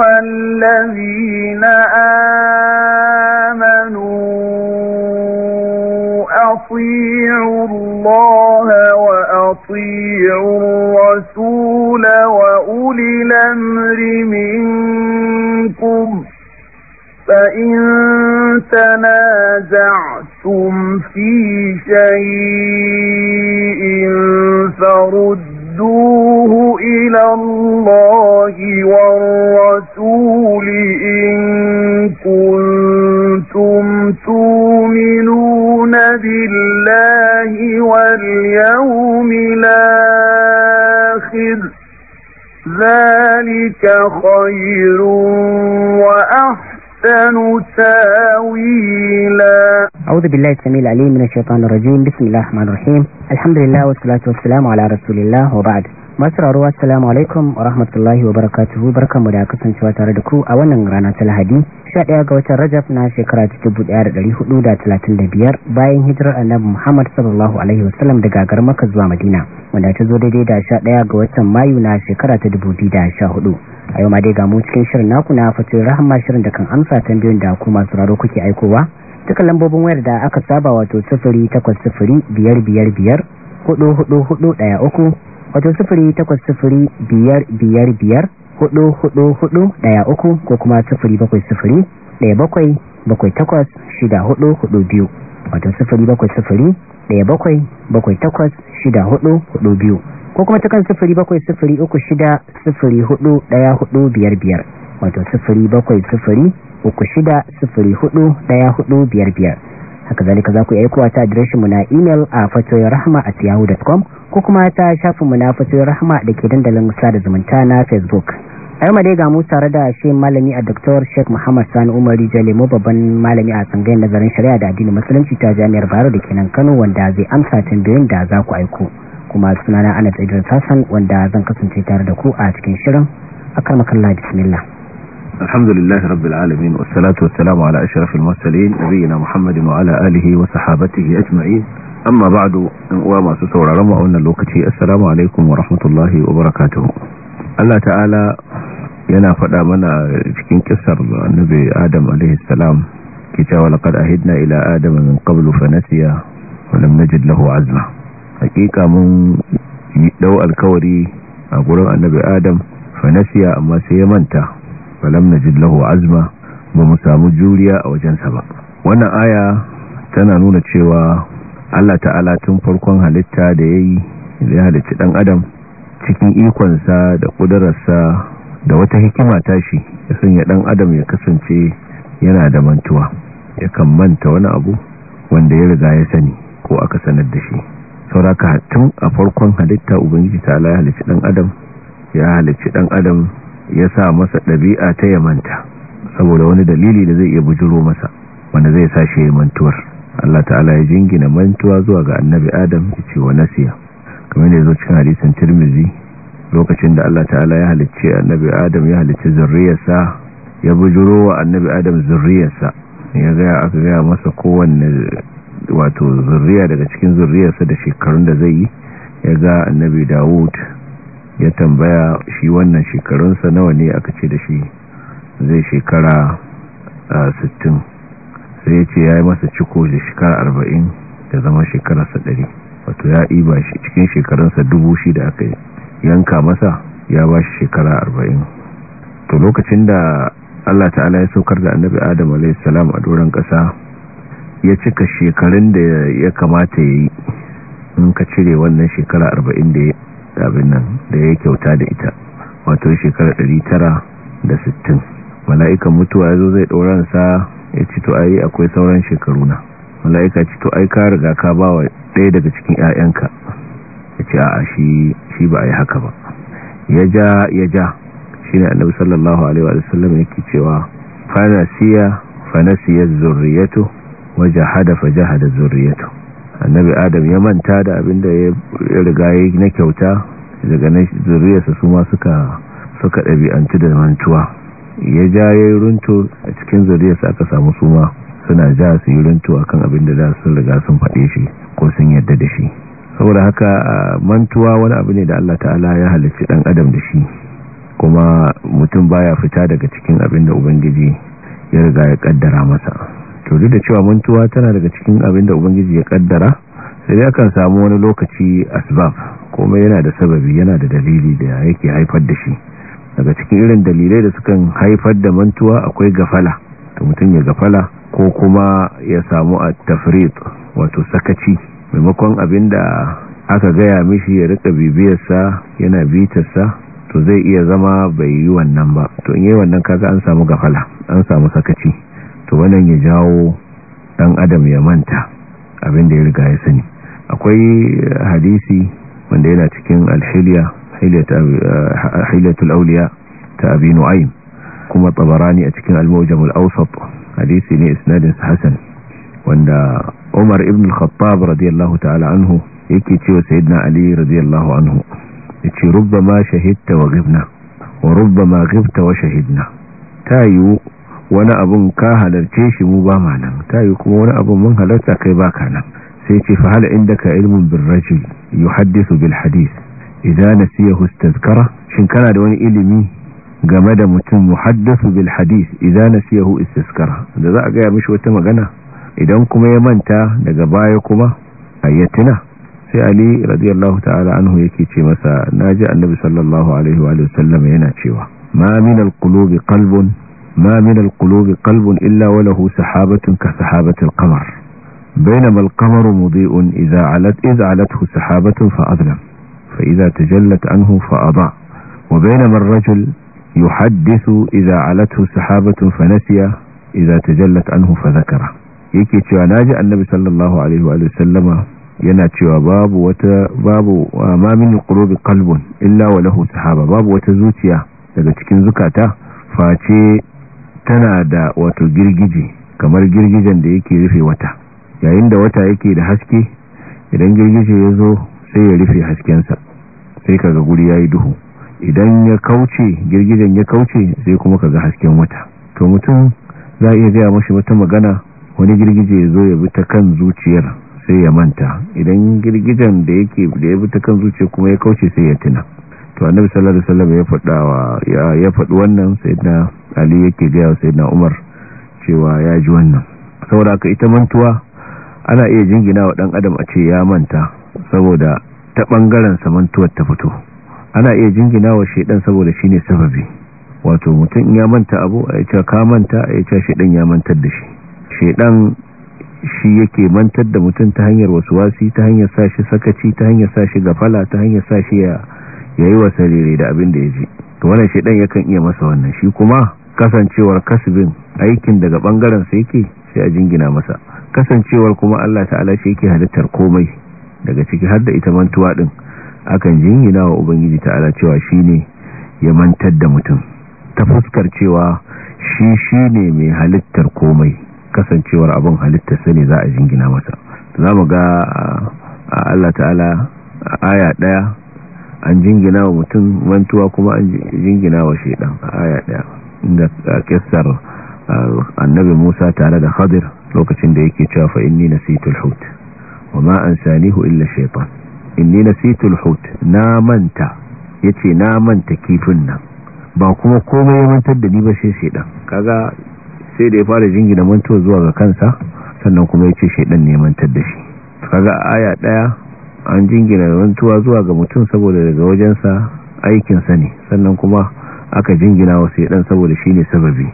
الذين آمنوا أطيعوا الله وأطيعوا الرسول وأولي الأمر منكم فإن تنازعتم في شيء فرد ردوه إِلَى اللَّهِ وَالرَّسُولِ إِن كُنتُمْ تُؤْمِنُونَ بِاللَّهِ وَالْيَوْمِ الْآخِرِ ذَلِكَ خَيْرٌ وَأَحْسَنُ أحسن تاويلا أعوذ بالله السميع العليم من الشيطان الرجيم بسم الله الرحمن الرحيم الحمد لله والصلاة والسلام على رسول الله وبعد masararwa assalamu alaikum wa rahmatullahi wa barakatuhu barkanmu da kasancewa tare da ku a wannan rana ta lahadi 11 ga watan rajab na shekara ta 1435 bayan hijirar annabi muhammad sallallahu alaihi wasallam daga garin zuwa madina wanda ta zo daidai da 11 ga watan mayu na shekara ta 2014 a yau ma dai ga mu cikin shirin naku na fatin rahama shirin da kan amsa tambayoyin da ku masu raro kuke aikowa duka lambobin wayar da aka saba wato sifiri takwas sifiri biyar biyar biyar uku wato sifiri takwas biyar biyar biyar hudu hudu hudu daya uku ko kuma sifiri bakwai sifiri daya bakwai bakwai takwas shida hudu hudu biyu wato sifiri bakwai sifiri daya bakwai bakwai takwas shida hudu hudu biyu ko kuma ta kan sifiri bakwai sifiri uku shida sifiri hudu daya hudu biyar biyar wato sifiri bakwai sifiri uku shida sifiri hudu daya hudu biyar biyar haka zalika za ku yi aikowa ta mu na imel a fatoyin rahama a yahoo.com ko kuma ta mu na fatoyin rahama da ke dandalin sada zumunta na facebook a dai ga mu tare da shi malami a dr sheik muhammad sani umar jalemo babban malami a tsangayin nazarin shari'a da addinin musulunci ta jami'ar bayero da kenan kano wanda zai amsa tambayoyin da za ku aiko kuma sunana ana tsaye sassan wanda zan kasance tare da ku a cikin shirin a karmakalla bismillah alhamdulillahi rabbil alamin wa salatu wa salamu ala ashrafil mursalin nabiyina muhammadin wa ala alihi wa sahbatihi ajma'in amma ba'du in uwa masu sauraron mu a wannan lokaci assalamu alaikum wa rahmatullahi wa barakatuh Allah ta'ala yana faɗa mana cikin kissar annabi Adam alaihi salam kitaba a ahidna ila adama min qablu fa nasiya ولم نجد hakika mun yi dau alkawari a gurin annabi adam fa fanasiya amma sai ya manta falam najid lahu azma ba mu samu juriya a wajensa ba wannan aya tana nuna cewa Allah ta'ala tun farkon halitta da yayi da ya halitta ɗan adam cikin ikonsa da ƙudurarsa da wata hikima tashi ya sanya ɗan adam ya kasance yana da mantuwa ya kan manta wani abu wanda ya riga ya sani ko aka sanar da shi sauraka tun a farkon halitta ubangiji ta ala ya halicci dan adam ya halici dan adam ya sa masa ɗabi'a ta yamanta saboda wani dalili da zai iya bujiro masa wanda zai sa shi mantuwar Allah ta'ala ya jingina mantuwa zuwa ga annabi adam ya ce wa nasiya kamar da ya zo cikin hadisin tirmizi lokacin da Allah ta'ala ya halicci annabi adam ya halicci zurriyarsa ya bujuro wa annabi adam zurriyarsa ya gaya aka gaya masa kowanne wato zurriya daga cikin zurriyarsa da shekarun da zai yi ya ga annabi dawud ya tambaya shi wannan shekarunsa nawa ne aka ce da shi zai shekara 60 sai ya ce ya yi masa ciko da shekara 40 da zama shekararsa 100 wato ya iba shi cikin shekarunsa dubu shi da aka yanka masa ya ba shi shekara 40 to lokacin da allah ta'ala ya saukar da annabi adam salam a doron ƙasa ya cika shekarun da ya kamata ya yi in ka cire wannan shekara arba'in da abin nan da ya kyauta da ita wato shekara ɗari tara da sittin mala'ikan mutuwa ya zo zai ɗoransa ya ci to ayi akwai sauran shekaru na mala'ika ci to ai ka riga ka ba wa ɗaya daga cikin 'ya'yanka ya ce a'a shi ba a yi haka ba ya ja ya ja shi ne annabi sallallahu alaihi wa sallam ya ke cewa fanasiya fanasiya zurriyatu wajahada da zurriyata annabi adam ya manta da abinda ya riga yayi na kyauta daga na zurriyarsa su ma suka suka da mantuwa ya ja ya runto a cikin zurriyarsa aka samu su ma suna ja su yi runto akan abinda da su riga sun faɗe shi ko sun yadda da shi saboda haka mantuwa wani abu ne da Allah ta'ala ya halicci dan adam da shi kuma mutum baya fita daga cikin abinda ubangiji ya riga ya ƙaddara masa to duk da cewa mantuwa tana daga cikin abin da ubangiji ya kaddara sai ya kan samu wani lokaci asbab kuma yana da sababi yana da dalili da yake haifar da shi daga cikin irin dalilai da sukan haifar da mantuwa akwai gafala to mutum ya gafala ko kuma ya samu a tafrit wato sakaci maimakon abin da aka gaya mishi ya rika bibiyarsa yana bitarsa to zai iya zama bai yi wannan ba to in yi wannan kaga an samu gafala an samu sakaci to wannan ya jawo dan adam ya manta abin da ya riga ya sani akwai hadisi wanda yana cikin alhiliya hilatul eh, auliya ta abi nu'aym kuma tabarani a cikin al-mawjam al-awsat hadisi ne isnadin hasan wanda Umar ibn al-Khattab radiyallahu ta'ala anhu yake cewa sayyidina Ali radiyallahu anhu yace rubbama shahidta wa ghibna wa rubbama ghibta wa shahidna tayu wani abun ka halarce shi mu ba malam ta yi kuma wani abun mun halarta kai ba ka nan sai ce fa hal indaka ilmun bil rajul yuhaddisu bil hadith idza nasiyahu istazkara shin kana da wani ilimi game da mutum muhaddisu bil hadith idza nasiyahu istazkara da za a ga mishi wata magana idan kuma ya manta daga baya kuma ayyatina sai ali radiyallahu ta'ala anhu yake ce masa naji annabi sallallahu alaihi wa sallam yana cewa ma min al-qulubi qalbun ما من القلوب قلب إلا وله سحابة كسحابة القمر بينما القمر مضيء إذا علت إذ علته سحابة فأظلم فإذا تجلت عنه فأضع وبينما الرجل يحدث إذا علته سحابة فنسي إذا تجلت عنه فذكره يكي cewa النبي صلى الله عليه وآله وسلم yana cewa babu وما من القلوب قلب إلا وله سحابة باب وتزوتيا sahaba babu زكاته فأتي tana da wato girgije kamar girgijen da yake rufe wata yayin da wata yake da haske idan girgije ya zo sai ya rufe haskensa sai kaga guri ya yi duhu idan ya kauce girgijen ya kauce sai kuma kaga hasken wata to mutum za a iya gaya mashi wata magana wani girgije ya zo ya bi ta kan zuciyar sai ya manta idan girgijen da yake da ya bi ta kan zuciya kuma ya kauce sai ya tuna to annabi sallallahu alaihi wasallam ya faɗa ya faɗi wannan sai da. ali yake gaya sai na umar cewa ya ji wannan saboda ka ita mantuwa ana iya jingina wa dan adam a ce ya manta saboda ta bangaren sa mantuwar ta fito ana iya jingina wa shedan saboda shine sababi wato mutum ya manta abu a ya ka manta a ya ce shedan ya mantar da shi shedan shi yake mantar da mutum ta hanyar wasu wasi ta hanyar sa shi sakaci ta hanyar sa shi gafala ta hanyar sa shi ya yayi wasarere da abin da ya ji to wannan shedan yakan iya masa wannan shi kuma kasancewar kasbin aikin daga bangaren sa yake sai a jingina masa kasancewar kuma Allah ta'ala shi yake halittar komai daga ciki har da ita mantuwa din akan jingina wa ubangiji ta'ala cewa shine ya mantar da mutum ta fuskar cewa shi shine mai halittar komai kasancewar abin halittar sa ne za a jingina masa za ga Allah ta'ala aya daya an jingina wa mutum mantuwa kuma an jingina wa shaidan aya daya da kissar annabi Musa tare da Khadir lokacin da yake cewa fa inni nasitu al-hut wa ma ansanihu illa shaytan inni nasitu al-hut na manta yace na manta kifin nan ba kuma komai ya mantar da ni ba sai shedan kaga sai da ya fara jingina mantuwa zuwa ga kansa sannan kuma yace shedan ne mantar da shi kaga aya daya an jingina mantuwa zuwa ga mutum saboda daga wajensa aikinsa ne sannan kuma aka jingina wa shaidan saboda shi ne sababi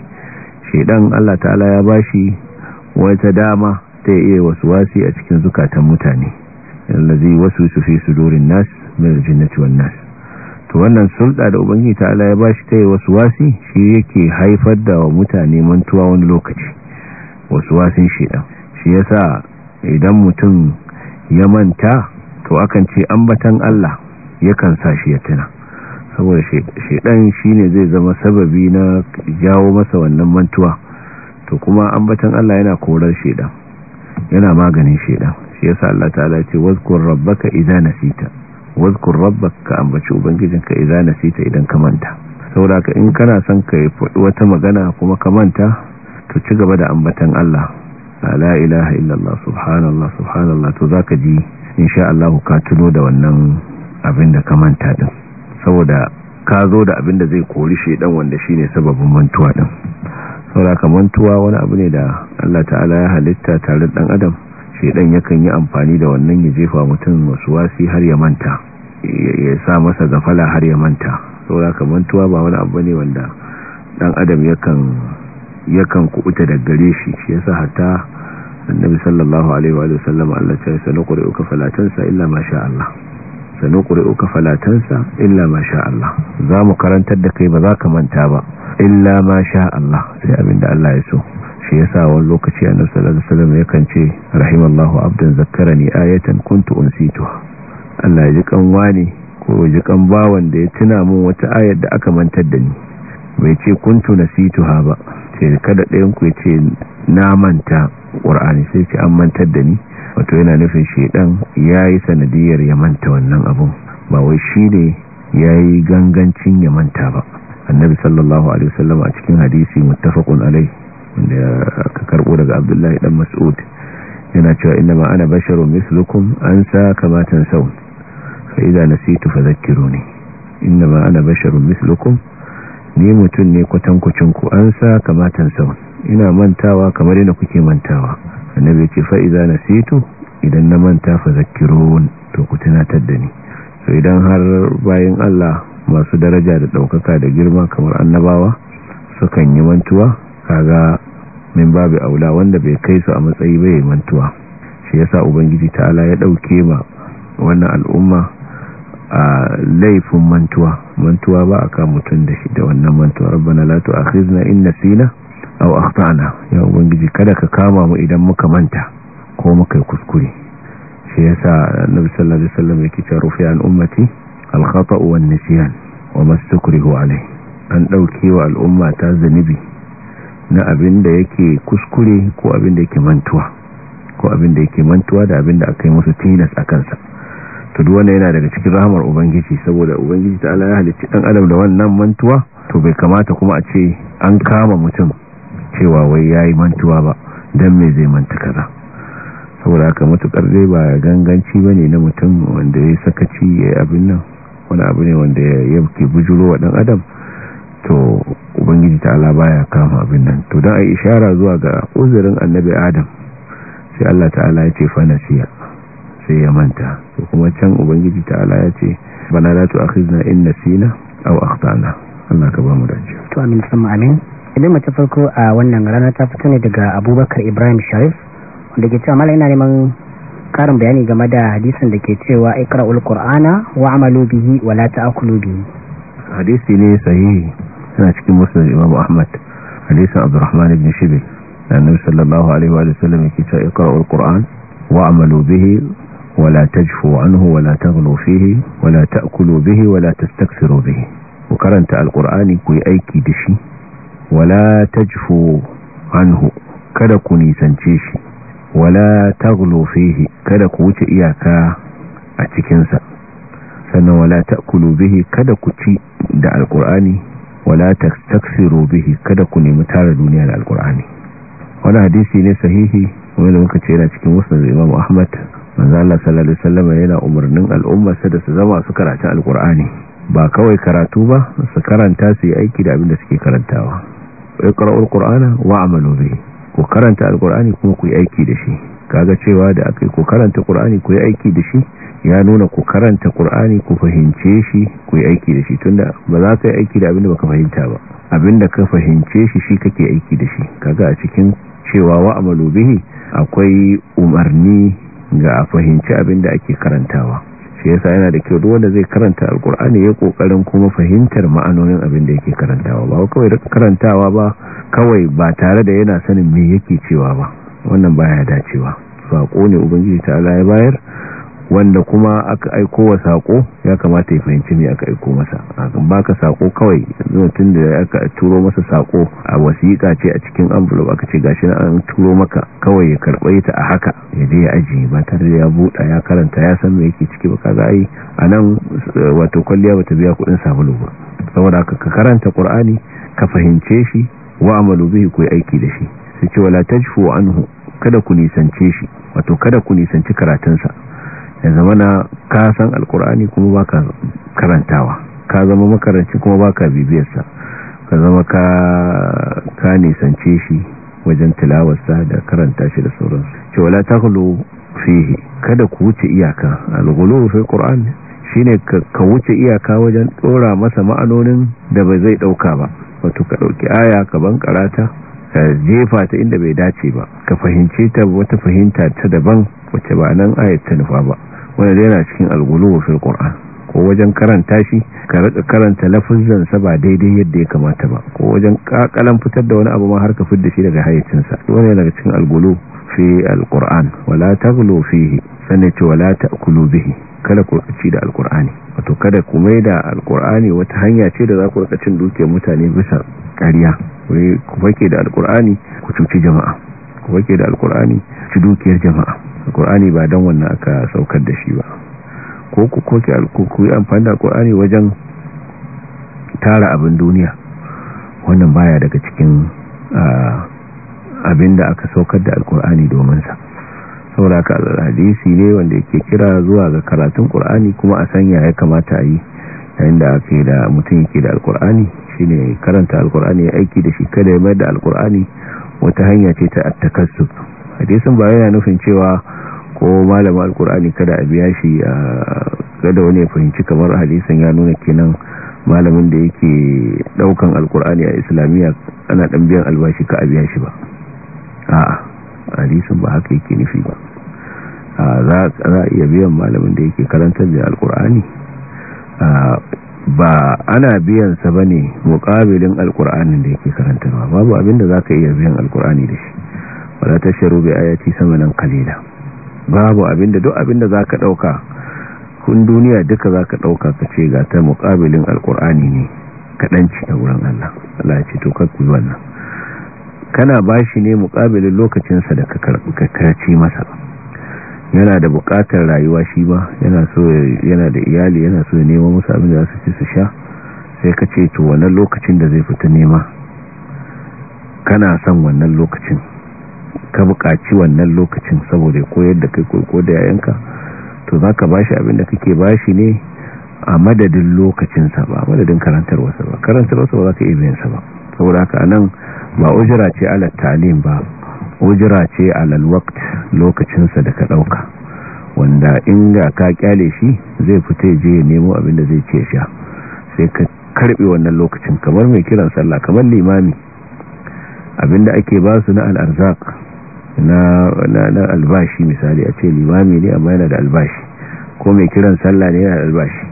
shaidan Allah ta'ala ya bashi wata dama ta iya wasu wasi a cikin zukatan mutane allazi wasu su fi sudurin nas min aljannati wan nas to wannan sulɗa da Ubangi ta'ala ya bashi ta iya wasu wasi shi yake haifar da wa mutane mantuwa wani lokaci wasu wasin shaidan shi yasa idan mutum ya manta to akan ce ambatan Allah yakan sa shi ya tuna saboda shi shine zai zama sababi na jawo masa wannan mantuwa to kuma ambatan Allah yana korar shedan yana maganin shedan shi yasa Allah ta'ala ce wazkur rabbaka idza nasita wazkur rabbaka ambaci ubangijinka idza nasita idan ka manta saboda in kana son ka faɗi wata magana kuma ka manta to ci gaba da ambatan Allah la ilaha illallah subhanallah subhanallah to zaka ji insha Allah ka tuno da wannan abin da ka manta din saboda ka zo da abin da zai kori shedan wanda shine sababin mantuwa din saboda mantuwa wani abu ne da Allah ta'ala ya halitta tare dan adam shedan yakan yi amfani da wannan ya jefa mutum wasu wasi har ya manta ya sa masa gafala har ya manta saboda mantuwa ba wani abu ne wanda dan adam yakan yakan kubuta da gare shi shi yasa hatta annabi sallallahu alaihi wa sallam Allah ya ce sanquri uka fala tansa illa ma Allah sanuqri'uka uka falatansa, illa ma sha Allah za mu karantar da kai ba za ka manta ba illa ma sha Allah sai abin da Allah ya so shi yasa wani lokaci a nan sallallahu alaihi wasallam yakan ce rahimallahu abdan zakkarani ayatan kuntu unsitu Allah ya ji kan wani ko ya ji kan bawan da ya tuna min wata ayar da aka mantar da ni bai ce kuntu ha ba sai kada ɗayan ku ya ce na manta qur'ani sai ce an mantar da ni wato yana nufin shaidan ya yi sanadiyar ya manta wannan abun ba wai shi ne ya yi gangancin ya manta ba annabi sallallahu alaihi wasallam a cikin hadisi muttafaqun alai wanda aka karbo daga abdullahi dan mas'ud yana cewa inna ma ana basharun mislukum ansa kama tansawun fa idza nasitu fadhakkiruni inna ma ana basharun mislukum ni mutun ne ku ansa kama tansawun ina mantawa kamar yana kuke mantawa annabi ya ce fa'iza na seto idan na manta fa zakirun to ku tunatar da so idan har bayan Allah masu daraja da ɗaukaka da girma kamar annabawa sukan yi mantuwa kaga min babu aula wanda bai kai su a matsayi ba bai mantuwa shi yasa ubangiji ta ta'ala ya ɗauke ma wannan al'umma a laifin mantuwa mantuwa ba a kan mutum da shi da wannan mantuwa rabbana la tu'akhizna in nasina aw akhtana ya ubangiji kada ka kama mu idan muka manta ko muka yi kuskure shi yasa annabi sallallahu alaihi wasallam yake cewa rufi an ummati al wan nisyan wa mastukrihu alai an dauke wa al'umma ta zanibi na abin da yake kuskure ko abin da yake mantuwa ko abin da yake mantuwa da abin da aka yi musu tilas a kansa to duk wannan yana daga cikin rahamar ubangiji saboda ubangiji ta Allah ya halicci dan adam da wannan mantuwa to bai kamata kuma a ce an kama mutum cewa wai ya yi mantuwa ba dan me zai manta kaza saboda haka matukar dai ba ganganci ba ne na mutum wanda ya sakaci ya abin nan wani abu ne wanda ya ke bujuro wa dan adam to ubangiji ta ta'ala baya kama abin nan to dan yi ishara zuwa ga uzurin annabi adam sai Allah ta'ala ya ce fanasiya sai ya manta to kuma can ubangiji ta'ala ya ce bana la tu'akhizna in nasina aw akhtana Allah ka ba mu dace to amin sama amin kalmar ta farko a wannan rana ta fito ne daga abubakar ibrahim sharif wanda ke cewa mala ina neman karin bayani game da hadisin da ke cewa ikra'ul qur'ana wa amalu bihi wa la ta'kulu bihi hadisi ne sahihi yana cikin musnad imam ahmad hadisin abdurrahman ibn shibi annabi sallallahu alaihi wa sallam yake cewa ikra'ul qur'an wa amalu bihi wa la tajfu anhu wa la taghlu fihi wa la ta'kulu bihi wa la tastakfiru bihi ku karanta al alqur'ani ku yi aiki da shi wala jifo anhu kada ku nisance shi wala taghlu fihi kada ku wuce iyaka a cikinsa sannan wala ta'kulu bihi kada ku ci da alqur'ani wala taksiru bihi kada ku nemi tara duniya da alqur'ani wannan hadisi ne sahihi wanda muka ce yana cikin musnad Imam Ahmad manzo Allah sallallahu alaihi wasallam yana umarnin al'umma sada su zama su karatu alqur'ani ba kawai karatu ba su karanta su yi aiki da abin da suke karantawa iqra'ul qur'ana wa'malu bihi ku karanta alqur'ani kuma ku yi aiki da shi kaga cewa da akai ku karanta qur'ani ku yi aiki da shi ya nuna ku karanta qur'ani ku fahimce shi ku yi aiki da shi tunda ba za ka yi aiki da abinda baka fahimta ba abinda ka fahimce shi shi kake aiki da shi kaga a cikin cewa wa'malu bihi akwai umarni ga a fahimci da ake karantawa shi yasa yana da kyau wanda zai karanta alkur'ani ya kokarin kuma fahimtar ma'anonin abin da yake karantawa ba kawai karantawa ba kawai ba tare da yana sanin me yake cewa ba wannan baya dacewa sako ne ubangiji ta Allah ya bayar wanda kuma aka aiko wa sako ya kamata ya fahimci me aka aiko masa a baka sako kawai tun da aka turo masa sako a wasiƙa ce a cikin envelope aka ce gashi an turo maka kawai ya karɓe ta a haka ya je ya ajiye ba tare da ya buɗa ya karanta ya san me yake ciki ba yi a nan wato kwalliya bata biya kuɗin sabulu ba saboda haka ka karanta ƙur'ani ka fahimce shi wa amalu bihi ku aiki da shi sai ce wala tajfu anhu kada ku nisance shi wato kada ku nisanci karatunsa ya zama na ka san alkur'ani kuma ba ka karantawa ka zama makaranci kuma ba ka bibiyarsa ka zama ka nisance shi wajen tilawarsa da karanta shi da sauransu ce wala taghlu fihi kada ku wuce iyaka al-ghulu fi shi shine ka wuce iyaka wajen dora masa ma'anonin da bai zai dauka ba wato ka dauki aya ka ban karata ka jefa ta inda bai dace ba ka fahimce ta wata fahimta ta daban wacce ba nan ayat ta nufa ba wanda da yana cikin algulu fil kur'an ko wajen karanta shi ka rika karanta lafazin sa ba daidai yadda ya kamata ba ko wajen kakalan fitar da wani abu ma har ka fidda shi daga hayyacinsa wani daga cikin algulu fi alƙur'an wala gulo fihi sannan ce wala kulu bihi kada ku ci da alqur'ani wato kada ku mai da alƙur'ani wata hanya ce da za ku rika cin dukiyar mutane bisa ƙarya ku fake da alqur'ani ku cuci jama'a wake da alkur'ani ci dukiyar jama'a alkur'ani ba don wannan aka saukar da shi ba ko ku koke alkuku yi amfani da alkur'ani wajen tara abin duniya wannan baya daga cikin abin da aka saukar da alkur'ani dominsa saboda ka hadisi ne wanda yake kira zuwa ga karatun ƙur'ani kuma a sanya ya kamata a yi yayin da ake da mutum yake da alkur'ani shine karanta alkur'ani ya aiki da shi kada ya mayar da alkur'ani wata hanya ce ta attakassub hadisin ba yana nufin cewa ko malamin alkur'ani kada a biya shi kada wani ya fahimci kamar hadisin ya nuna kenan malamin da yake daukan alkur'ani a islamiyya ana dan biyan albashi ka a biya shi ba a'a hadisin ba haka yake nufi ba za a iya biyan malamin da yake karantar da alkur'ani ba ana biyan sa bane muqabilin alqur'anin da yake karanta ba babu abinda zaka iya biyan alqur'ani da shi wala tashru bi ayati samanan qalila babu abinda duk abinda zaka ɗauka, kun duniya duka za ka ɗauka ka ce, ga ta muqabilin alqur'ani ne kadan ci da wurin Allah Allah ya ce to ka wannan kana bashi ne muqabilin lokacin sa da ka karbi masa yana da bukatar rayuwa shi ba yana so yana da iyali yana so neman musu abin da za su ci su sha sai ka ce to wannan lokacin da zai fita nema kana son wannan lokacin ka bukaci wannan lokacin saboda koyar da kai ko da yayanka to za ka bashi abin da kake shi ne a madadin lokacinsa ba madadin karantarwarsa ba karantarwarsa ba za ka iya biyansa ba saboda haka anan ba ujira ce ala talim ba ujira ce alal waqt lokacinsa da ka dauka wanda in ga ka kyale shi zai fita je ya nemo abin da zai ce sha sai ka karbe wannan lokacin kamar mai kiran sallah kamar limami abinda ake ba su na al'arzak na na albashi misali a ce limami ne amma yana da albashi ko mai kiran sallah ne yana da albashi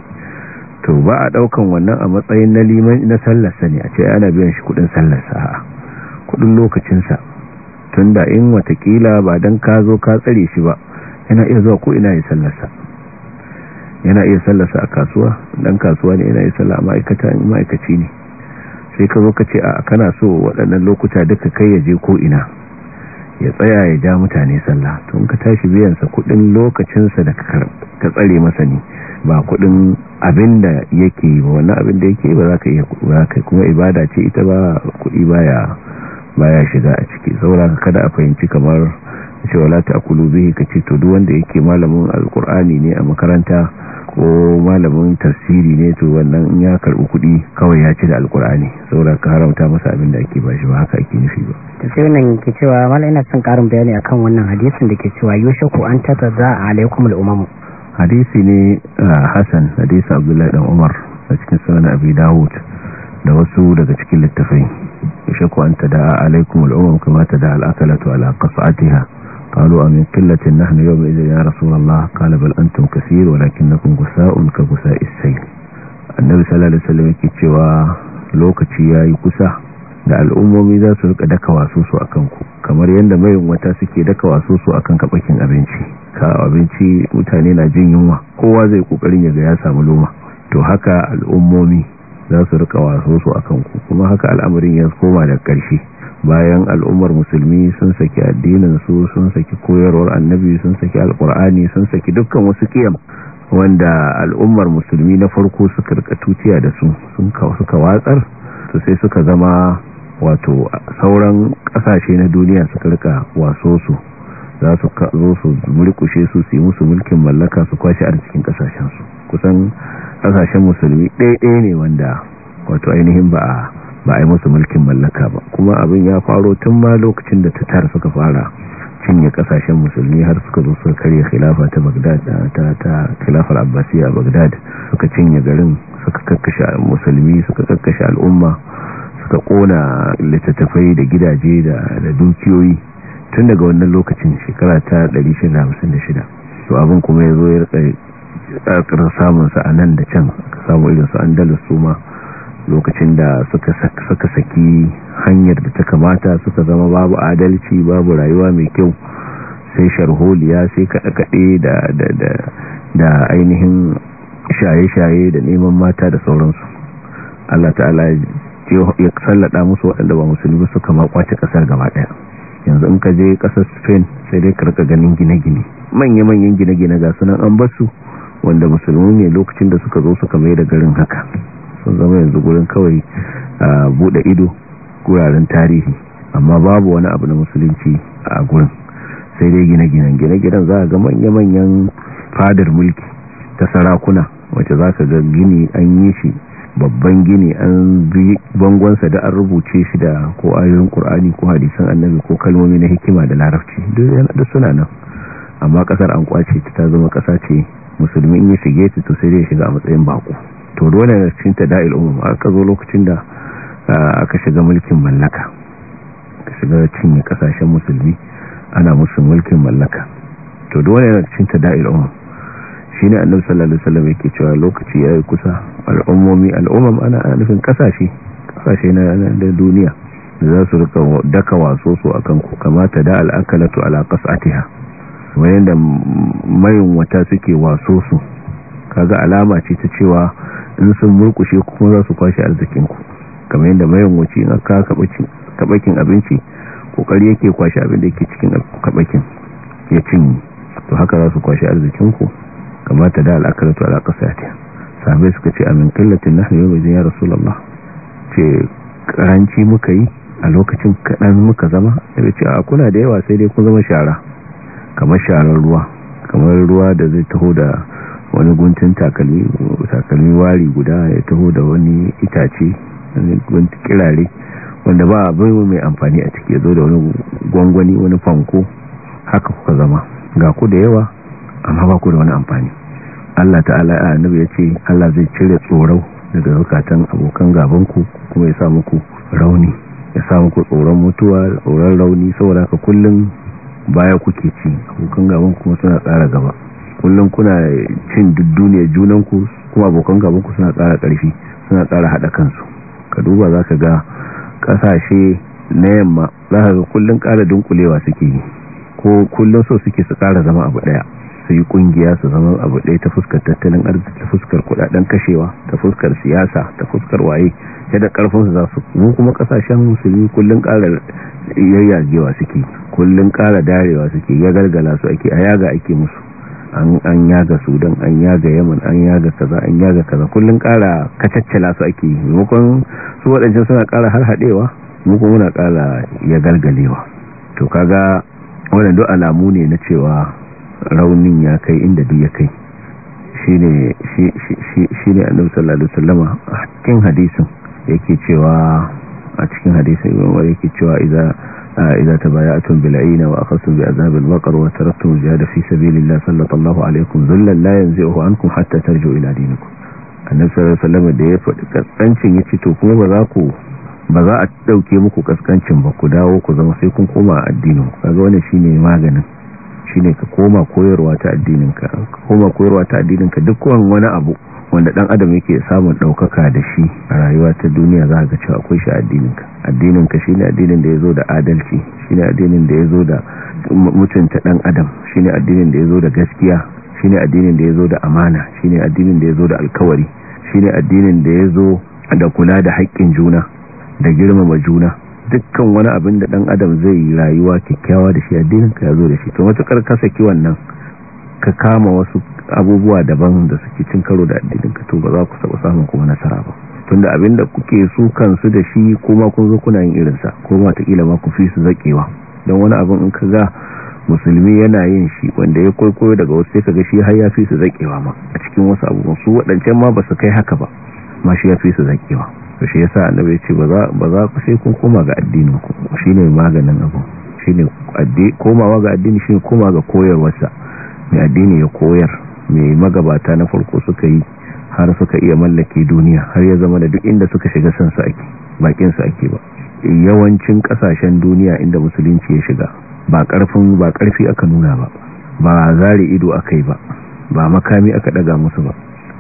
to ba a daukan wannan a matsayin na liman na sallarsa ne a ce ana biyan shi kudin sallarsa a'a kudin lokacinsa tunda in watakila ba dan ka zo ka tsare shi ba yana iya zuwa ko ina ya sallasa yana iya sallasa a kasuwa dan kasuwa ne yana iya salla ma'aikata ma'aikaci ne sai ka zo ka ce a kana so waɗannan lokuta duka kai ya je ko ina ya tsaya ya ja mutane sallah tun ka tashi biyan biyansa kudin lokacinsa da ka tsare masa ne ba kuɗin abin da yake yi ba wannan abin da yake ba za ka iya kuma ibada ce ita ba kudi baya baya shiga a ciki saboda kada a fahimci kamar cewa la ta'kulu bihi kace to duk wanda yake malamin alkur'ani ne a makaranta ko malamin tafsiri ne to wannan in ya karbi kuɗi kawai ya ci da alkur'ani saboda ka haramta masa abin da ake bashi ba haka ake nufi ba to sai wannan ke cewa mallan ina son karin bayani akan wannan hadisin da ke cewa ku an a alaikum umam hadisi ne ah, hasan hadisi abdullahi dan umar a cikin sunan abi dawud da wasu daga cikin littafai yashku an da'a alaikum al'umam kama tada'a al'akalatu ala qas'atiha قالوا أمن قلة نحن يوم إذا يا رسول kasiru قال بل أنتم كثير ولكنكم غساء كغساء السيل النبي صلى الله عليه وسلم cewa lokaci ya yi kusa da al'ummomi za su rika daka wasu su a kanku kamar yadda mai wata suke daka wasu su a kan kaɓakin abinci ka abinci mutane na jin yunwa kowa zai ƙoƙarin yaga ya samu loma to haka al'ummomi za su rika waso su kanku kanku kuma haka al'amarin ya koma da ƙarshe bayan al'ummar musulmi sun saki addinin su sun saki koyarwar annabi sun saki alkur'ani sun saki dukkan wasu kiyam wanda al'ummar musulmi na farko su karka tutiya da su suka watsar su sai suka zama wato sauran kasashe na duniya su rika waso su za su zo su mulkushe su su yi musu mulkin mallaka su kwashe a arzikin kasashensu kusan kasashen musulmi ɗaya ɗaya ne wanda wato ainihin ba ba a yi musu mulkin mallaka ba kuma abin ya faro tun ma lokacin da tatar suka fara cinye kasashen musulmi har suka zo suka karya khilafa ta bagdad ta ta khilafar abbasiya a bagdad suka cinye garin suka kakkashe musulmi suka kakkashe al'umma suka kona littattafai da gidaje da dukiyoyi tun daga wannan lokacin shekara ta 1956 to abin kuma ya zo ya samun samunsa a nan da can ka samu irinsu andalus su ma lokacin da suka saki hanyar da ta kamata suka zama babu adalci babu rayuwa mai kyau sai sharholiya sai kaɗe-kaɗe da ainihin shaye-shaye da neman mata da sauransu Allah ta'ala ya sallada musu waɗanda ba musulmi suka makwace ƙasar gaba ɗaya yanzu in ka je ƙasar spain sai dai karka ganin gine-gine manya-manyan gine-gine ga sunan an basu wanda musulmi ne lokacin da suka zo suka mai da garin haka sun zama yanzu gurin kawai a bude ido guraren tarihi amma babu wani abu na musulunci a gurin sai dai gine-ginen gine-ginen za a ga manya-manyan fadar mulki ta sarakuna wacce za ka ga gini an yi shi babban gini an bi bangonsa da an rubuce shi da ko ayoyin kur'ani ko hadisan annabi ko kalmomi na hikima da larabci duk suna nan amma ƙasar an kwace ta zama ƙasa ce musulmi ya shige ta to sai zai shiga a matsayin bako to dole ne cikin da'il umum aka zo lokacin da ah, aka shiga mulkin mallaka aka shiga cinye kasashen musulmi ana musu mulkin mallaka to dole ne cikin da'il umum shine annabi sallallahu alaihi wasallam yake cewa lokaci yayi kusa al'ummomi al'umam ana nufin kasashe kasashe na duniya da za su rika daka waso su akan ku kamata da al'akalatu ala qas'atiha kamar yadda mayin wata suke waso su kaga alama ce ta cewa in sun murkushe kuma za su kwashe arzikinku kamar yadda mayin wuce na ka kabakin abinci kokari yake kwashe abin da yake cikin kabakin ya cinye to haka za su kwashe arzikinku kamar ta da al'akaratu ala kasatiya sabai suka ce amin killatin na yau mai ya rasulullah ce karanci muka yi a lokacin kaɗan muka zama da ce a kuna da yawa sai dai kun zama shara kamar sharar ruwa kamar ruwa da zai taho da wani guntun takalmi wari guda ya taho da wani itace wani kirare wanda ba a baiwa mai amfani a ciki zo da wani gwangwani wani fanko haka kuka zama ga ku da yawa amma ba ku da wani amfani Allah ta'ala a annabi ya ce Allah zai cire tsoron daga zukatan abokan gabanku kuma ya sa muku rauni ya sa muku tsoron mutuwa tsoron rauni saboda ka kullum baya kuke ci abokan gaban kuma suna ƙara gaba kullum kuna cin duniyar junanku kuma abokan gaban ku suna ƙara ƙarfi suna ƙara haɗa kansu ka duba za ka ga ƙasashe na yamma za ka ga kullum ƙara dunkulewa suke yi ko kullum so suke su ƙara zama abu ɗaya su yi kungiya su zama abu ɗaya ta fuskar tattalin arziki ta fuskar kudaden kashewa ta fuskar siyasa ta fuskar waye yadda karfin su za su mu kuma kasashen musulmi kullun ƙara yayyagewa suke kullun ƙara darewa suke ya gargala su ake a yaga ake musu an yaga sudan an yaga yaman an yaga kaza an yaga kaza kullun ƙara kacaccala su ake maimakon su waɗancan suna ƙara har haɗewa mu kuma muna ƙara ya gargalewa to kaga wannan duk alamu ne na cewa raunin ya kai inda duk ya kai shi ne annabi sallallahu alaihi wasallama a cikin hadisin yake cewa a cikin hadisin ibn yake cewa idza idza tabaya'tum bil ayna wa akhadtum bi azab al waqr wa taraktum jihad fi sabilillah sallallahu alaikum dhillan la yanzihu ankum hatta tarji'u ila dinikum annabi sallallahu alaihi wasallama da ya faɗi kaskancin yace to kuma ba za ku ba za a dauke muku kaskancin ba ku dawo ku zama sai kun koma addinin kaga wannan shine maganin shine ka koma koyarwa ta addininka ka koma koyarwa ta addininka duk wani abu wanda dan adam yake samun daukaka da shi a rayuwa ta duniya za ka ci akwai shi addininka addininka shine addinin da yazo da adalci shine addinin da yazo da mutunta dan adam shine addinin da yazo da gaskiya shine addinin da yazo da amana shine addinin da yazo da alkawari shine addinin da yazo da kula da haƙƙin juna da girmama juna dukkan wani abin da dan adam zai yi rayuwa kyakkyawa da shi addinin ka zo da shi to matukar ka saki wannan ka kama wasu abubuwa daban da suke cin karo da addinin ka to ba za ku saba samun kuma nasara ba tunda abin da kuke su kansu da shi kuma kun zo kuna yin irin sa ko ma ta kila ma ku fi su zakewa dan wani abin in ka ga musulmi yana yin shi wanda ya kwaikwayo daga wasu sai ga shi har ya fi su zakewa ma a cikin wasu abubuwan su wadancan ma ba su kai haka ba ma shi ya fi su zakewa to shi yasa annabi ya ce ba za ku sai kun koma ga shine maganin abu shine addini komawa ga addini shine koma ga koyarwarsa mai addini ya koyar mai magabata na farko suka yi har suka iya mallake duniya har ya zama da duk inda suka shiga san su ake bakin su ake ba yawancin kasashen duniya inda musulunci ya shiga ba karfin ba karfi aka nuna ba ba zari ido akai ba ba makami aka daga musu ba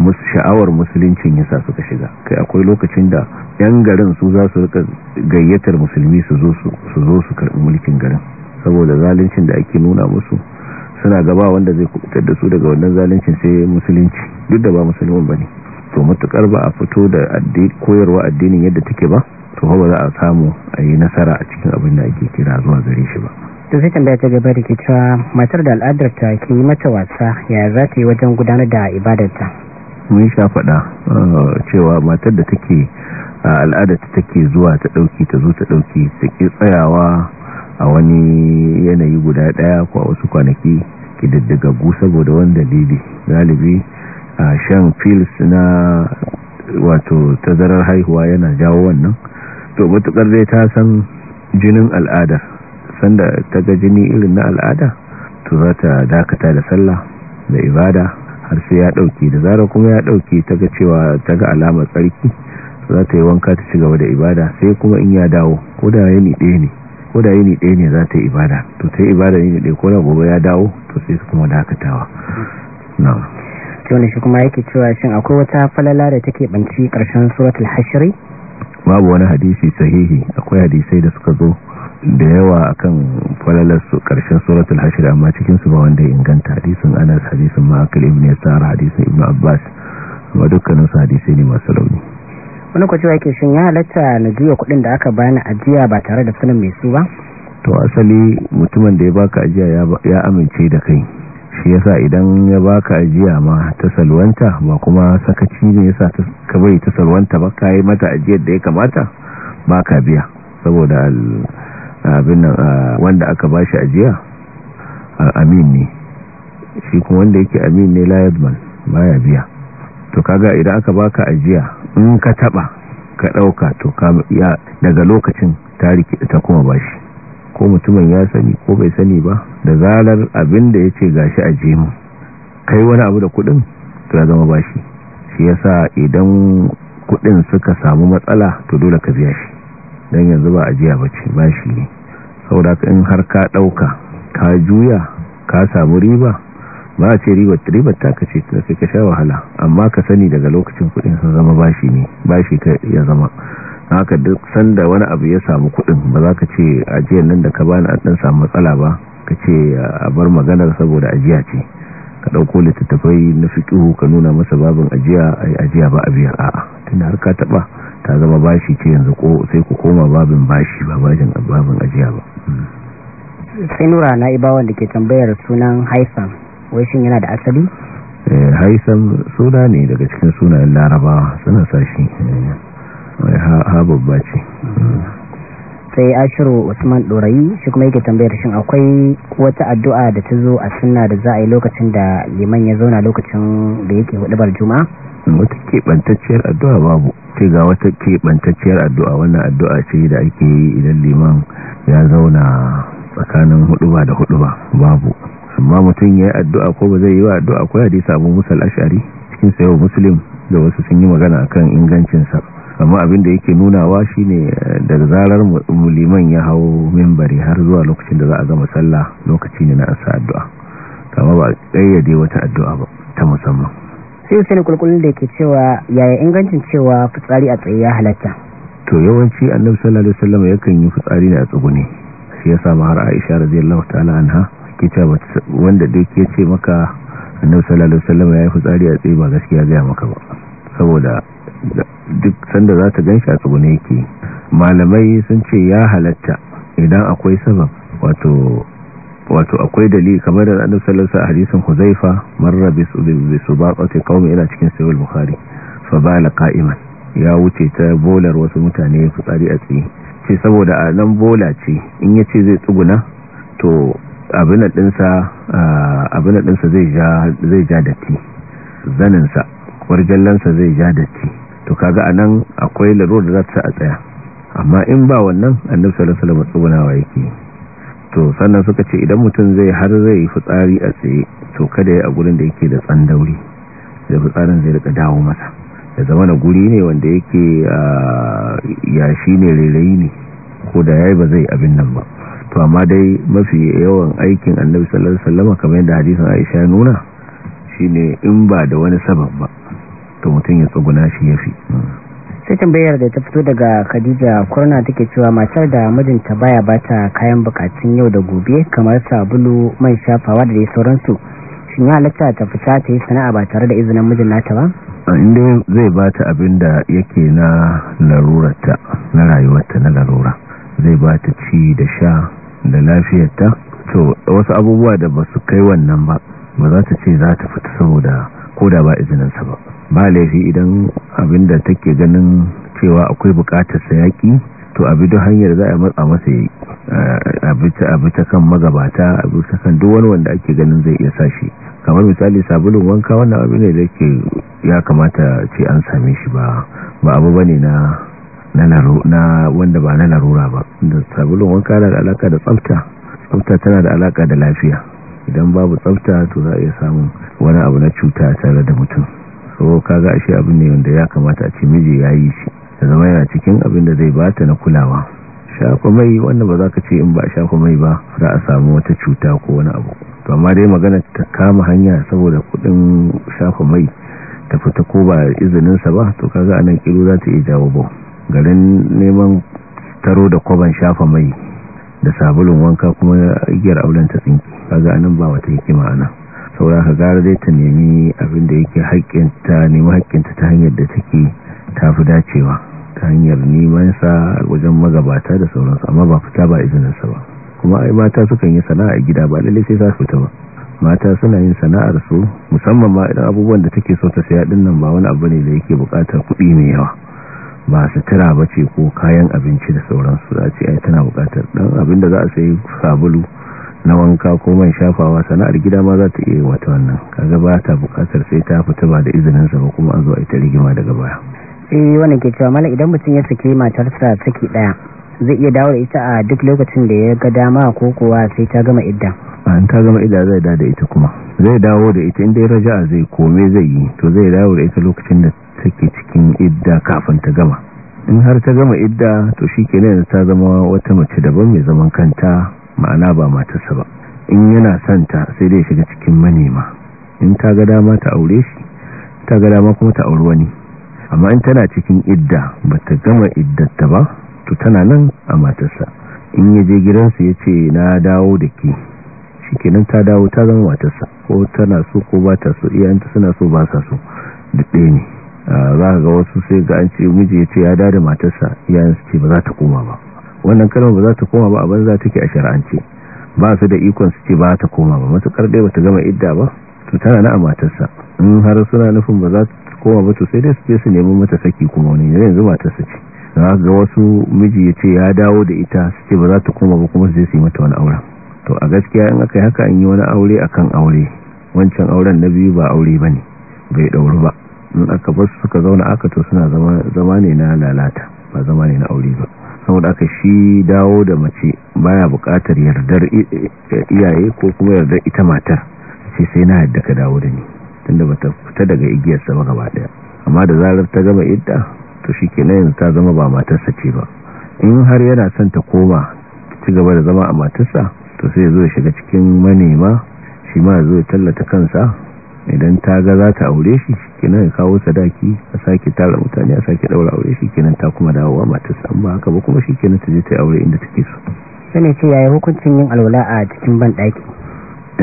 sha'awar musuluncin yasa suka shiga kai akwai lokacin da yan garin su za su rika gayyatar musulmi su zo su karɓi mulkin garin saboda zaluncin da ake nuna musu suna gaba wanda zai kubutar da su daga wannan zaluncin sai musulunci duk da ba musulmin ba ne to matukar ba a fito da koyarwa addinin yadda take ba to ba za a samu a yi nasara a cikin abin da ake kira zuwa gare shi ba to sai tambaya ta gaba da ke cewa matar da al'adar ta ke yi mata wasa yaya za ta yi wajen gudanar da ibadarta mun sha faɗa eh, cewa matar da take al'ada ta take zuwa ta ɗauki ta zo ta ɗauki ta ke tsayawa a wani yanayi guda ɗaya ko wasu kwanaki gu saboda wani dalili galibi a shan fils na wato tazarar haihuwa yana jawo wannan to matukar dai ta san jinin al'adar sanda ta ga jini irin na al'ada to za ta dakata da sallah da ibada har sai ya dauke da zarar kuma ya dauke ta ga cewa ta ga alamar tsarki za ta yi wanka ta ci gaba da ibada sai kuma in ya dawo ko da yini ɗaya ne ko da yini ɗaya ne za ta yi ibada to ta yi ibada yini ɗaya ko da gobe ya dawo to sai su kuma dakatawa na kyau shi kuma yake cewa shin akwai wata falala da take banci karshen suratul hashri babu wani hadisi sahihi akwai hadisai da suka zo da yawa akan falalar su karshen suratul hashir amma cikin su ba wanda ya inganta hadisin Anas hadisin ma'akil ibn Yasar hadisin Ibn Abbas ba dukkanin su hadisai ne masu rauni wani kwacewa yake shin ya halatta na juya kuɗin da aka bani ajiya ba tare da sanin mai su ba to asali mutumin da ya baka ajiya ya amince da kai shi yasa idan ya baka ajiya ma ta salwanta ba kuma sakaci ne yasa ka bai ta salwanta ba yi mata ajiyar da ya kamata ba ka biya saboda abin wanda aka bashi ajiya amin ne shi kuma wanda yake amin ne la yadman baya biya to kaga idan aka baka ajiya in ka taba ka dauka to ka ya daga lokacin tariki ta kuma bashi ko mutumin ya sani ko bai sani ba da zalar abin da yace gashi ajiye mu kai wani abu da kudin to ya zama bashi shi yasa idan kudin suka samu matsala to dole ka biya shi dan yanzu ba ajiya bace bashi ne saboda in har ka ɗauka ka juya ka samu riba ba a ce ribar ribar ta kace ta ka sha wahala amma ka sani daga lokacin kudin sun zama bashi ne bashi ka ya zama haka duk sanda wani abu ya samu kudin ba za ka ce ajiyar nan da ka bani an dan samu matsala ba ka ce a bar maganar saboda ajiya ce ka dauko littattafai na fiqhu ka nuna masa babin ajiya ai ajiya ba a biyar a'a tun har ka taba ta zama bashi ce yanzu ko sai ku koma babin bashi ba bashin babin ajiya ba sai nura na ibawan da ke tambayar sunan haifan wai shi yana da asali eh, haifan suna ne daga cikin sunayen larabawa suna sashi eh, ha babba ce sai ashiru usman dorayi shi kuma yake tambayar shi akwai wata addu'a da ta zo a suna da za a yi lokacin da liman ya zauna lokacin da yake hudubar juma'a wata keɓantacciyar addu'a babu ce ga wata keɓantacciyar addu'a wannan addu'a ce da ake yi idan liman ya zauna tsakanin huduba da huduba babu amma mutum ya yi addu'a ko ba zai yi wa addu'a ko ya dai samun musul ashari cikin sayo musulun da wasu sun yi magana a kan ingancinsa amma abin da yake nunawa ne eh, daga zarar muliman ya hau mimbari har zuwa lokacin da za a gama sallah lokaci ne na asa addu'a kama ba a ƙayyade wata addu'a ba ta musamman sai sai kulkulun da ke cewa yaya ingancin cewa fitsari a tsaye ya halatta to yawanci annabi sallallahu alaihi wasallam yakan yi fitsari ne a tsugune shi yasa ma har Aisha radiyallahu ta'ala anha ke cewa wanda duk yace maka annabi sallallahu alaihi wasallam yayi fitsari a tsaye ba gaskiya zai maka ba saboda duk sanda za ta ganshi a tsugune yake malamai sun ce ya halatta idan akwai sabab wato wato akwai dalili kamar da annabi sallallahu alaihi wasallam hadisin Huzaifa marra ba subaqati qaumi ila cikin sahih al-Bukhari fa bala qa'iman ya wuce ta bolar wasu mutane fitsari a tsaye ce saboda a nan bola ce in ya ce zai tsuguna to abin ɗinsa zai ja datti zaninsa warjallansa zai ja datti to kaga a nan akwai laro da za ta a tsaya amma in ba wannan annabi sallallahu alaihi wasallam tsugunawa yake to sannan suka ce idan mutum zai har zai fitsari a tsaye to kada ya a gurin da yake da tsandauri da fitsarin zai rika dawo masa ya zama na guri ne wanda yake yashi ne rairayi ne ko da ya yi ba zai abin nan ba to amma dai mafi yawan aikin annabi sallallahu alaihi wasallam kamar yadda hadisin Aisha nuna shine in ba da wani sabab ba to mutum ya tsuguna shi ya fi. sai tambayar da ta fito daga Khadija kwarna take cewa matar da mijinta baya bata kayan bukatun yau da gobe kamar sabulu man shafawa da dai sauransu shin ya halatta ta fita ta yi sana'a ba tare da izinin mijin nata ba inda zai ba ta abin da yake na larurata na rayuwarta na larura zai ba ta ci da sha da lafiyarta to wasu abubuwa da ba su kai wannan ba ba za ta ce za ta fita saboda koda ba izininsa ba ba laifi idan abin da take ganin cewa akwai bukatar sayaki to abi da hanyar za a matsa masa yi abi ta kan magabata abi ta kan duk wani wanda ake ganin zai iya sashi kamar misali sabulun wanka wannan abu ne da ke ya kamata ce an same shi ba ba abu bane na na wanda ba na larura ba da sabulun wanka na da alaka da tsafta tsafta tana da alaka da lafiya idan babu tsafta to za a iya samun wani abu na cuta tare da mutum so kaga ashe abin ne wanda ya kamata a ce miji ya yi shi da zama yana cikin abin da zai bata na kulawa shafa mai wanda ba za ka ce in ba a shafa mai ba za a samu wata cuta ko wani abu to amma dai magana ta kama hanya saboda kudin shafa mai ta fita ko ba izininsa ba to kaga anan kilo za ta iya jawo ba garin neman taro da kwaban shafa mai da sabulun wanka kuma igiyar auren ta tsinki kaga anan ba wata hikima ma'ana saboda ka gara dai ta nemi abin da yake ta nemi haƙƙin ta hanyar da take fi dacewa ta hanyar neman sa wajen magabata da sauransu amma ba fita ba izininsa ba kuma ai mata sukan yi sana'a gida ba lalle sai za su fita ba mata suna yin sana'ar su musamman ma idan abubuwan da take so ta saya din nan ba wani abu ne da yake bukatar kuɗi mai yawa ba sutura ba ce ko kayan abinci da sauransu za ce ai tana bukatar dan abin da za a sayi sabulu na wanka ko man shafawa sana'ar gida ma za ta iya wata wannan kaga ba ta bukatar sai ta fita ba da izinin sa ba kuma an zo a ita rigima daga baya eh wannan ke cewa mallan idan mutum ya sake matarsa saki daya zai iya dawo da ita a duk lokacin da ya ga dama ko kuwa sai ta gama idda an ta gama idda zai dawo da ita kuma zai dawo da ita inda ya a zai kome zai yi to zai dawo da ita lokacin da take cikin idda kafin ta gama in har ta gama idda to shi ke kenan ta zama wata mace daban mai zaman kanta ma'ana ba matarsa ba in yana ta, sai dai shiga cikin manema in ta ga dama ta aure shi ta ga dama kuma ta auri wani amma in tana cikin idda ba ta gama iddata ba to tana nan a matarsa in yaje gidansu ya ce na dawo da ke shi kenan ta dawo ta zama matarsa ko tana so ko ba ta so iyayenta suna so ba sa so da ɗaya ne za ga wasu sai ga an ce miji ya ce ya da matarsa iyayensu ce ba za ta koma ba wannan kalma ba za ta koma ba a banza take a shari'ance ba su da ikon su ce ba ta koma ba matukar dai ta gama idda ba to tana na a matarsa in har suna nufin ba za ta koma ba to sai dai su je su nemi mata saki kuma wani yanzu matarsa ce ga wasu miji ya ce ya dawo da ita su ce ba za ta koma ba kuma su je su yi mata wani auren to a gaskiya in aka yi haka in yi wani aure a kan aure wancan auren na biyu ba aure ba ne bai ɗauri ba in aka ba su suka zauna aka to suna zama ne na lalata ba zama ne na aure ba saboda aka shi dawo da mace baya buƙatar yardar iyaye ko kuma yardar ita matar ce sai na yadda ka dawo da ni tunda bata fita daga igiyarsa ba gaba ɗaya amma da zarar ta gama idda to shi ke yanzu ta zama ba matarsa ce ba in har yana son ta koma ci gaba da zama a matarsa to sai zo shiga cikin manema shi ma zo tallata kansa idan ta ga za ta aure shi kenan ya kawo sadaki a sake tara mutane a sake daura aure shi nan ta kuma dawowa matarsa ba haka ba kuma shi nan ta je ta yi aure inda take so sani ce yayi hukuncin yin alwala a cikin ban daki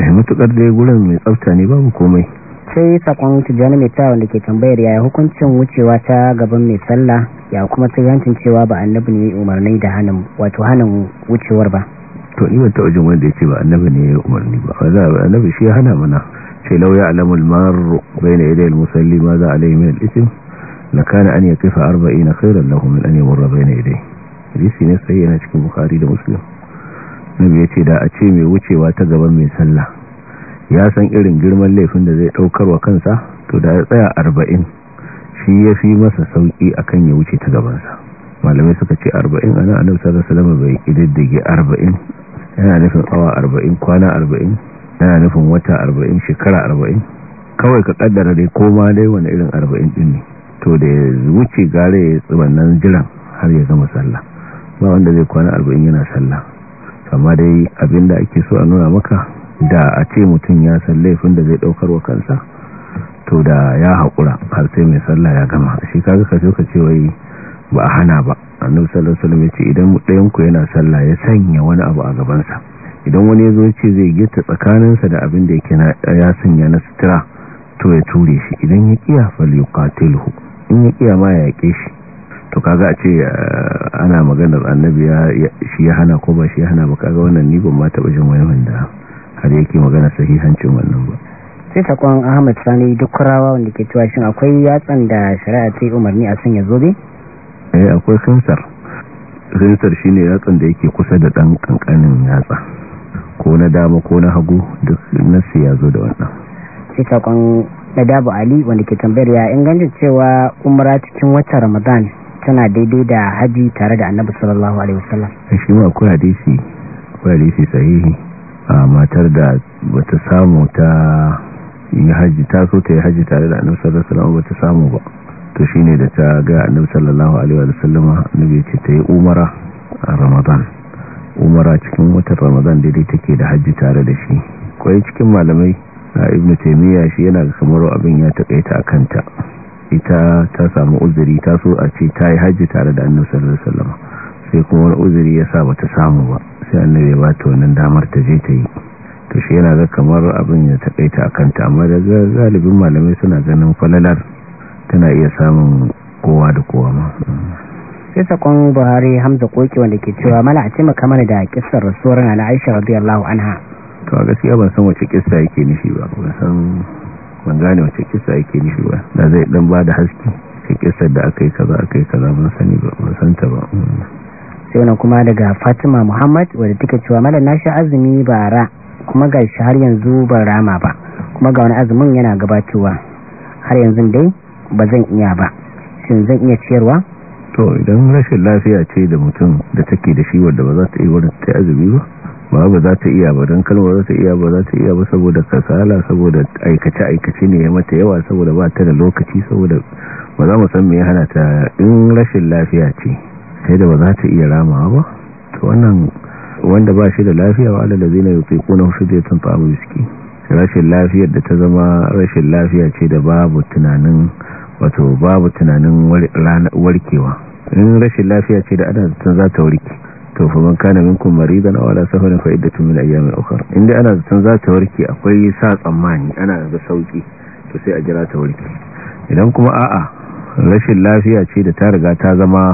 eh mutukar dai gurin mai tsafta ne babu komai sai sakon tijjani mai tawon da ke tambayar yaya hukuncin wucewa ta gaban mai sallah ya kuma tsayancin cewa ba annabi ne umarni da hannun wato hannun wucewar ba to ni ta wajen wanda ya ce ba annabi ne umarni ba a annabi shi hana mana ce lauya alamul maru bai na idayil musalli ma za a lai min al'isim na kana an ya kifa arba'i na khairar lahu min an yamurra bai na idai hadisi ne sai yana cikin bukari da muslim nabi ya ce da a ce mai wucewa ta gaban mai sallah ya san irin girman laifin da zai wa kansa to da ya tsaya arba'in shi ya fi masa sauki akan ya wuce ta gabansa malamai suka ce arba'in a ana annabi sallallahu salama bai kididdige arba'in yana nufin awa arba'in kwana arba'in yana nufin wata arba'in shekara arba'in kawai ka kaddara dai koma dai wani irin arba'in ɗin ne to da ya wuce gare ya tsibannan jiran har ya zama sallah ba wanda zai kwana arba'in yana sallah amma dai abinda ake so a nuna maka da a ce mutum ya san laifin da zai daukar wa kansa to da ya haƙura har sai mai sallah ya gama shi kaga ka ka ce wai ba a hana ba annabi sallallahu alaihi wasallam ya ce idan ɗayanku ku yana sallah ya sanya wani abu a gabansa idan wani ya zo ce zai gita tsakaninsa da abin da yake ya sanya na sutura to ya ture shi idan ya kiya fal yuqatiluhu in ya kiya ma ya yake shi to kaga a ce eh, ana maganar annabi ya shi ya hana ko ba shi ya hana ba kaga wannan ni ban ma taba jin wani wanda da yake magana sahihancin wannan ba sai sakon ahmad sani duk kurawa wanda ke cewa shin akwai yatsan da shari'a ta yi umarni a sanya zobe eh akwai kansar kansar shine yatsan da yake kusa da dan kankanin yatsa ko na dama ko na hagu duk nasi ya zo da wannan sai sakon nadabu ali wanda ke tambayar ya inganta cewa umra cikin watan ramadan tana daidai da haji tare da annabi sallallahu alaihi wasallam shi ma akwai hadisi akwai hadisi sahihi a matar da bata samu ta yi hajji ta so ta yi hajji tare da annabi sallallahu bata samu ba to shi ne da ta ga annabi sallallahu alaihi wasallama annabi ce ta yi umara a ramadan umara cikin watan ramadan daidai take da hajji tare da shi kwai cikin malamai a ibn taimiyya shi yana kamar abin ya takaita kanta. ita ta samu uzuri ta so a ce ta yi hajji tare da annabi sallallahu sai kuma wani uzuri ya sa bata samu ba sai annabi ya bata wannan damar ta je ta yi to shi yana ga kamar abin ya takaita a kanta amma da galibin malamai suna ganin falalar tana iya samun kowa da kowa ma sai sakon buhari hamza koki wanda ke cewa mala a cima mana da kisar rasuwar na aisha radiyallahu anha to a gaskiya ban san wace kisa yake nishi ba ban san ban gane wace kisa yake nishi ba da zai dan ba da haske ka kisar da aka yi kaza aka yi kaza ban sani ba ban san ta ba sai wani kuma daga fatima muhammad wadda take cewa mada na sha azumi bara kuma ga shi har yanzu ban rama ba kuma ga wani azumin yana gabatowa har yanzu dai ba zan iya ba shin zan iya ciyarwa to idan rashin lafiya ce da mutum da take da shi wadda ba za ta yi wani ta azumi ba ba ba za ta iya ba don kalmar za ta iya ba za ta iya ba saboda kasala saboda aikace-aikace ne ya mata yawa saboda ba ta da lokaci saboda ba za mu san me hana ta in rashin lafiya ce kai da ba za ta iya rama ba to wannan wanda ba shi da lafiya wa alal ladina yutiquna tun ta'amu miski rashin lafiyar da ta zama rashin lafiya ce da babu tunanin wato babu tunanin warkewa in rashin lafiya ce da ana zaton za ta warke to fa man kana minkum maridan aw ala safarin fa iddatun min ayyamin ukhra inda ana zaton za ta warke akwai sa tsammani ana ga sauki to sai a jira ta warke idan kuma a'a rashin lafiya ce da ta riga ta zama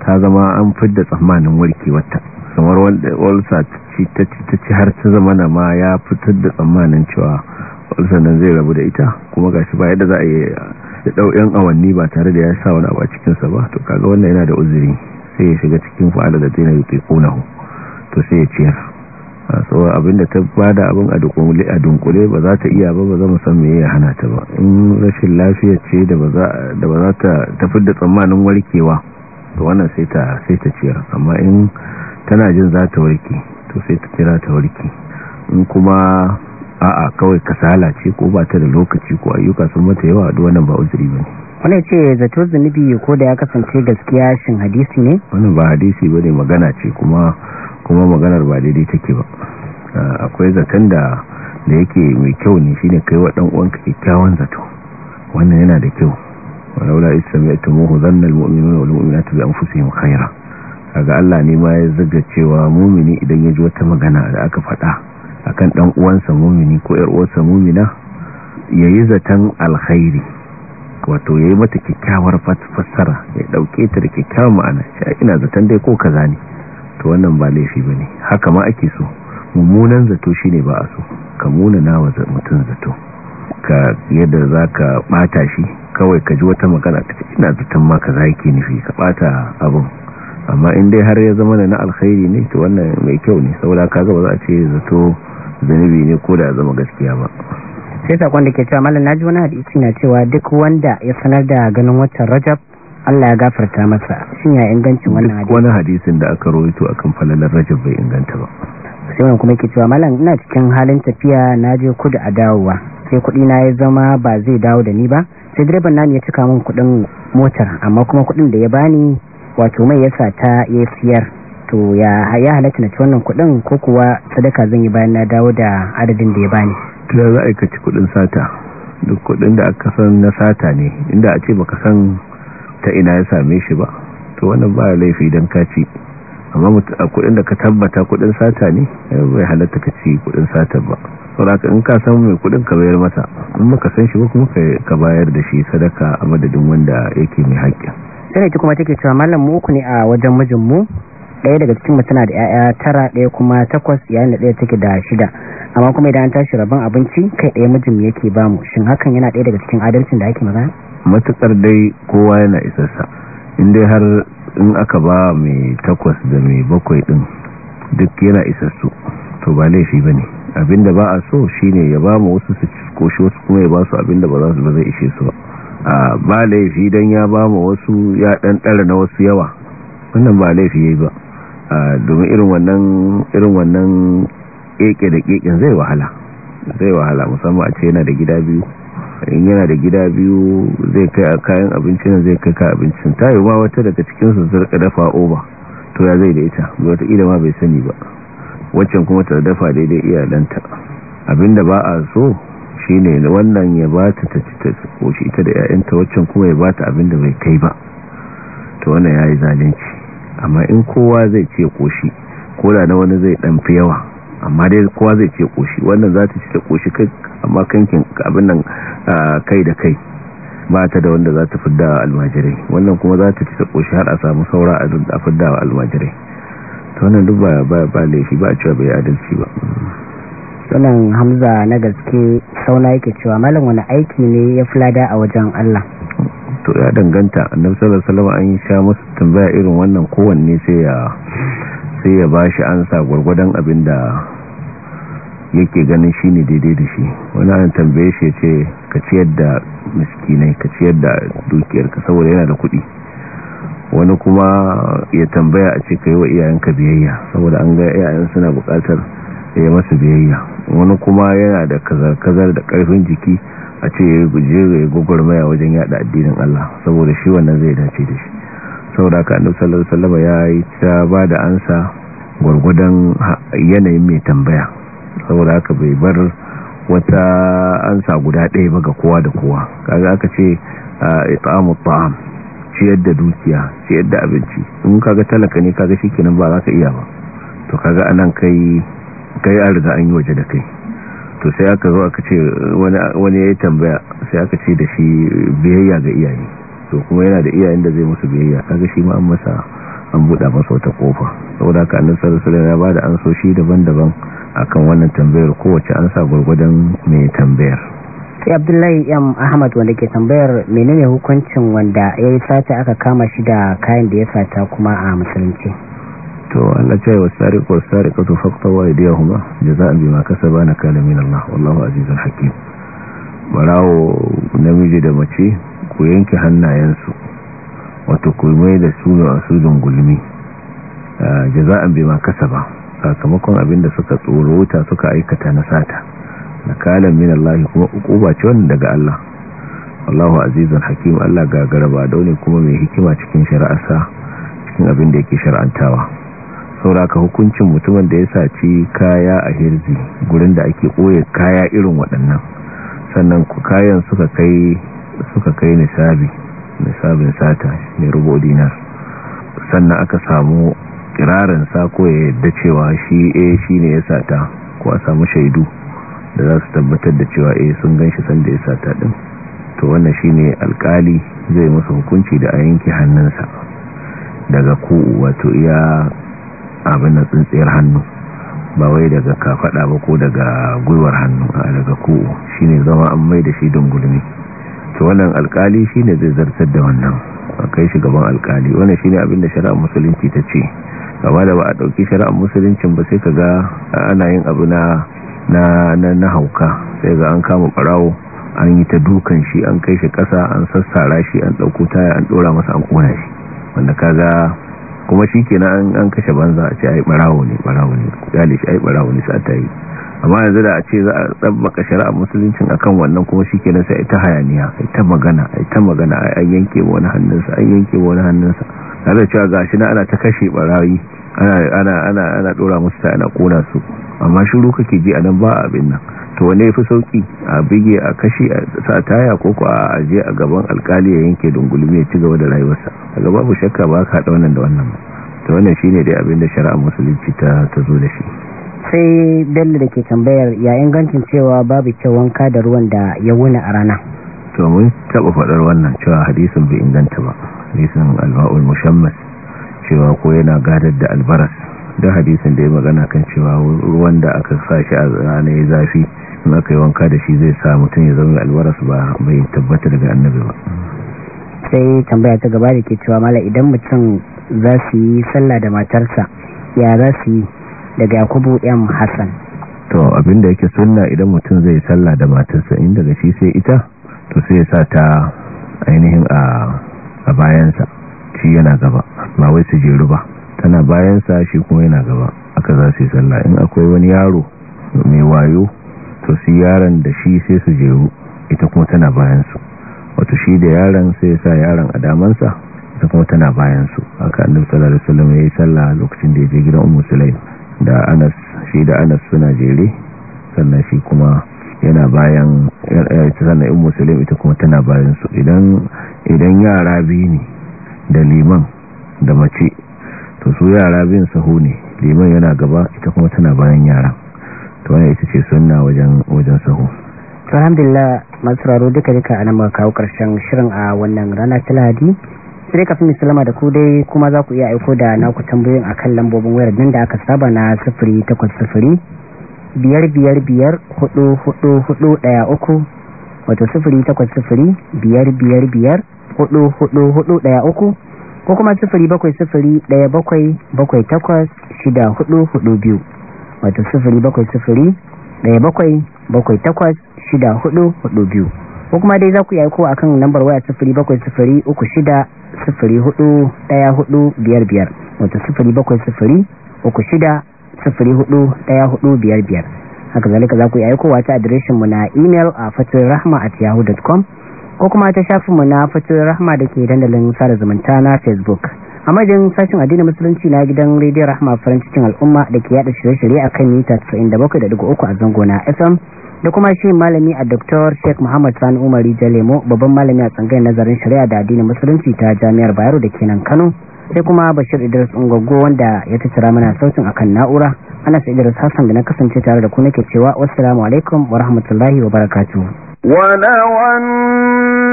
ta zama an fidda tsammanin warkewarta kamar walsa ta ci har ta zama na ma ya fitar da tsammanin cewa walsa nan zai rabu da ita kuma ga shi bayan da za a yi da ɗau'yan awanni ba tare da ya sa wani abu a cikinsa ba to kaga wanda yana da uzuri sai ya shiga cikin fa'ada da zai na yi hu to sai ya ciyar abin da ta bada abin a dunkule ba za ta iya ba ba za mu san me ya hana ta ba in rashin lafiya ce da ba za ta tafi da tsammanin warkewa to wannan sai ta sai ta ciyar amma in tana jin za ta warke to sai ta jira ta warke in kuma a'a kawai kasala ce ko ba ta da lokaci ko ayyuka sun mata yawa a wannan ba uzuri bane wani ce zato zunubi ko da ya kasance gaskiya shin hadisi ne wannan ba hadisi ba bane magana ce kuma kuma maganar ba daidai take ba akwai zaton da da yake mai kyau ne shi ne kai wa dan uwanka kyakkyawan zato wannan yana da kyau walaula isma'tumuhu dhanna almu'minuna wal mu'minatu bi anfusihim kaga Allah ne ma ya zaga cewa mumini idan ya ji wata magana da aka faɗa akan dan uwansa mumini ko yar uwarsa mumina yayi zatan alkhairi wato yayi mata kyakkyawar fassara ya dauke ta da kyakkyawar ma'ana shi ina zatan dai ko kaza ne to wannan ba laifi bane haka ma ake so mummunan zato shine ba a so ka muna nawa mutum zato ka yadda za ka ɓata shi kawai ka ji wata magana ta ina zaton maka za ki nufi ka bata abin amma in dai har ya zama na alkhairi ne to wannan mai kyau ne saboda ka gaba za a ce zato zanibi ne ko da zama gaskiya ba sai sakon da ke cewa malam naji wani hadisi na cewa duk wanda ya sanar da ganin watan rajab Allah ya gafarta masa shin ya ingancin wannan hadisi wani hadisin da aka rawaito akan falalar rajab bai inganta ba sai wannan kuma ke cewa malam ina cikin halin tafiya na je kudu a dawowa sai kuɗi na ya zama ba zai dawo da ni ba sai direban nan ya cika min kuɗin motar amma kuma kuɗin da ya bani wato mai yasa ta ya siyar to ya ya halatta na ci wannan kuɗin ko kuwa sadaka zan yi bayan na dawo da adadin da ya bani tunda za a kaci kuɗin sata duk kuɗin da aka san na sata ne inda a ce baka san ta ina ya same shi ba to wannan ba laifi idan ka ci amma a kudin da ka tabbata kuɗin sata ne bai halatta ka ci kudin sata ba sauraka in ka samu mai kudin ka bayar masa in maka san shi ba kuma ka bayar da shi sadaka a madadin wanda yake mai haƙƙi. sai ita kuma take cewa mallam mu uku ne a wajen mijin mu ɗaya daga cikin mu tana da 'ya'ya tara ɗaya kuma takwas yayin da ɗaya take da shida amma kuma idan an tashi rabon abinci kai ɗaya mijin mu yake ba mu shin hakan yana ɗaya daga cikin adalcin da ake magana matukar dai kowa yana isarsa in har in aka ba mai takwas da mai bakwai din duk yana isassu to ba laifi bane ne abinda ba a so shine ya ba mu wasu su ci koshi wasu kuma ya ba su abinda ba za su ba zai ishe su ba ba laifi don ya ba mu wasu ya dan ɗara na wasu yawa wannan ba laifi ya yi ba domin irin wannan irin wannan keke da keken zai wahala zai wahala musamman a ce yana da gida biyu in yana da gida biyu zai kai a kayan abincin zai kai ka abincin yi ma wata daga cikinsu su zurka dafa oba to ya zai da ita wata ila ma bai sani ba waccan kuma ta dafa daidai iyalanta abinda ba a so shine wannan ya ba ta ci ta koshi ita da 'ya'yanta waccan kuma ya ba bata abinda bai kai ba to wannan yi zalunci amma in kowa zai ce koshi da na wani zai dan fi yawa amma dai kowa zai ce koshi wannan za ta ci ta koshi kai amma kankin abin nan kai da kai ba ta da wanda za ta fidda almajirai wannan kuma za ta ci ta koshi har a samu saura a fidda almajirai wannan duk ba ba laifi ba a cewa bai adalci ba sunan hamza na gaske sauna yake cewa malam wani aiki ne ya fulada a wajen allah to ya danganta annabi sallallahu alaihi wasallam an sha musu tambaya irin wannan kowanne sai ya sai ya bashi ansa gurgurdan abinda yake ganin shine daidai da shi wani an tambaye shi ya ce ka ciyar da miskinai ka ciyar da dukiyarka saboda yana da kuɗi wani kuma ya tambaya a ce kai wa iyayenka biyayya saboda an ga iyayen suna bukatar ya masa biyayya wani kuma yana da kazar-kazar da karfin jiki a ce ya guje ya maya wajen yada addinin Allah saboda shi wannan zai dace da shi saboda ka annabi sallallahu alaihi ya yi ta ba da ansa gwargwadon yanayin mai tambaya saboda haka bai bar wata ansa guda ɗaya ba ga kowa da kowa kaga aka ce ah, it'amu ta'am ciyar da dukiya ciyar da abinci in kaga talaka ne kaga shikenan ba za ka iya ba to kaga anan kai kai an riga an yi waje da kai to sai aka zo aka ce wani ya yi tambaya sai aka ce da shi biyayya ga iyaye to kuma yana da iyayen da zai musu biyayya kaga shi ma an masa an buɗa masa wata kofa saboda ka annabi sallallahu alaihi ya bada ansoshi daban-daban akan wannan tambayar kowace an sa gurgudan mai tambayar sai abdullahi m ahmad wanda ke tambayar menene hukuncin wanda ya yi sata aka kama shi da kayan da ya sata kuma a musulunci to wanda ce wa sariqu was sariqatu faqtawa aydiyahuma jazaan bima kasaba na kalamin Allah wallahu azizun hakim barawo namiji da mace ku yanke hannayensu wato ku mai da su a sujun gulmi jazaan bima kasaba sakamakon abinda suka tsoro wuta suka aikata na sata nakalan min Allah kuma ukuba ce wannan daga Allah allahu azizun hakim Allah ga gagaraba daune kuma mai hikima cikin shari'arsa cikin abin da yake shar'antawa sauraka hukuncin mutumin da ya saci kaya a hirzi gurin da ake koye kaya irin waɗannan sannan kayan suka kai suka kai nisabi nisabin sata ne rubo dinar sannan aka samu kirarin sa ko ya yadda cewa shi eh shine ya sata ko a samu shaidu da za su tabbatar da cewa eh sun ganshi sanda ya sata din to wannan shine alkali zai musu hukunci da a yanke hannunsa daga ku wato iya abin da tsintsiyar hannu ba wai daga kafada ba ko daga gwiwar hannu a daga ku shine zama an mai da shi dungulmi to wannan alkali shine zai zartar da wannan a kai shi gaban alkali wannan shine abin da shari'ar musulunci ta ce gaba da ba a ɗauki shari'ar musuluncin ba sai ka ga ana yin abu na na na hauka sai ga an kama barawo an yi ta dukan shi an kai shi kasa an sassara shi an dauko taya an dora masa an kona shi wanda kaga kuma shikenan an kashe banza a ce ai barawo ne barawo ne gale shi ai barawo ne sai ta yi amma yanzu da a ce za a tsabbaka shari'a musuluncin akan wannan kuma shi shikenan sai ta hayaniya ta magana ta magana an yanke wani hannunsa an yanke wani hannunsa da cewa gashi na ana ta kashe barayi ana dora musta ana kona su amma shiru kake ji nan ba abin nan to wane fi sauki a bige a kashi a sa taya ko ko a je a gaban alkali ya yanke dungulmi ya ci gaba da rayuwarsa daga babu shakka ba ka da wannan da wannan to wannan shine dai abin da shari'a musulunci ta ta zo da shi sai bello da ke tambayar ya ingancin cewa babu kyau wanka da ruwan da ya wuna a rana to mun taba faɗar wannan cewa hadisin bai inganta ba hadisin alma'ul mushammas cewa ko yana gadar da albaras don hadisin da ya magana kan cewa ruwan da aka sa shi a zane ya zafi in aka yi wanka da shi zai sa mutum ya zama albaras ba bai tabbata daga annabi ba sai tambaya ta gaba da ke cewa mala idan mutum za su yi sallah da matarsa ya za su yi daga yakubu 'yan hassan to abinda yake sunna idan mutum zai sallah da matarsa in daga shi sai ita to sai ya sa ta ainihin a bayansa shi yana gaba ba wai su jeru ba tana bayan sa shi kuma yana gaba aka za su yi sallah in akwai wani yaro mai wayo to su yaran da shi sai su jeru ita kuma tana bayan su wato shi da yaran sai sa yaran a damansa ita kuma tana bayan su haka annabi sallallahu alaihi wasallam yayi sallah lokacin da ya je gidan ummu sulaim da Anas shi da Anas suna jere sannan shi kuma yana bayan sannan in musulun ita kuma tana bayan su idan yara biyu ne da liman da mace to su yara bin sahu ne liman yana gaba ita kuma tana bayan yara to wani ita ce suna wajen wajen sahu to alhamdulillah masararo duka duka ana muka kawo karshen shirin a wannan rana ta Lahadi sai kafin mu da ku dai kuma za ku iya aiko da naku tambayoyin a kan lambobin wayar nan da aka saba na 0800 biyar biyar biyar hudu hudu hudu daya uku wato sufuri takwas sufuri biyar biyar biyar hudu hudu hudu daya uku ko kuma sifiri bakwai sifiri daya bakwai bakwai takwas shida hudu hudu biyu wato sifiri bakwai sifiri daya bakwai bakwai takwas shida hudu hudu biyu ko kuma dai za ku yi aiko akan lambar waya sifiri bakwai sifiri uku shida sifiri hudu daya hudu biyar biyar wato sifiri bakwai sifiri uku shida sifiri hudu daya hudu biyar biyar haka zalika za ku yi aikowa ta adireshinmu na imel a fatin rahma at ko kuma ta shafi mu na fatoyin rahma da ke dandalin sada zumunta na facebook a madadin sashen addinin musulunci na gidan rediyo rahma farin cikin al'umma da ke yada shirye-shirye a kan mita 97.3 a zango na fm da kuma shi malami a Dr. Sheikh Muhammad Sani Umari Jalemo babban malami a tsangayar nazarin shari'a da addinin musulunci ta Jami'ar Bayero da ke nan Kano sai kuma Bashir Idris Ungwaggo wanda ya tattara mana sautin akan na'ura ana sa Idris Hassan da na kasance tare da ku nake cewa wassalamu alaikum wa rahmatullahi wa barakatuh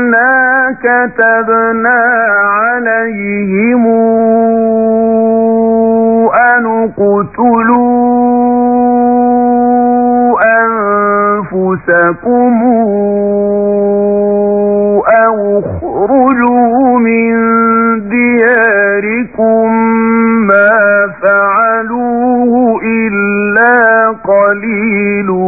إنا كتبنا عليهم أن اقتلوا أنفسكم أو اخرجوا من دياركم ما فعلوه إلا قليل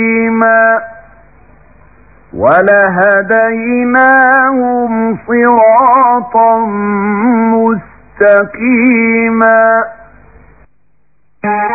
وَلَهَدَيْنَاهُمْ صِرَاطًا مُسْتَقِيمًا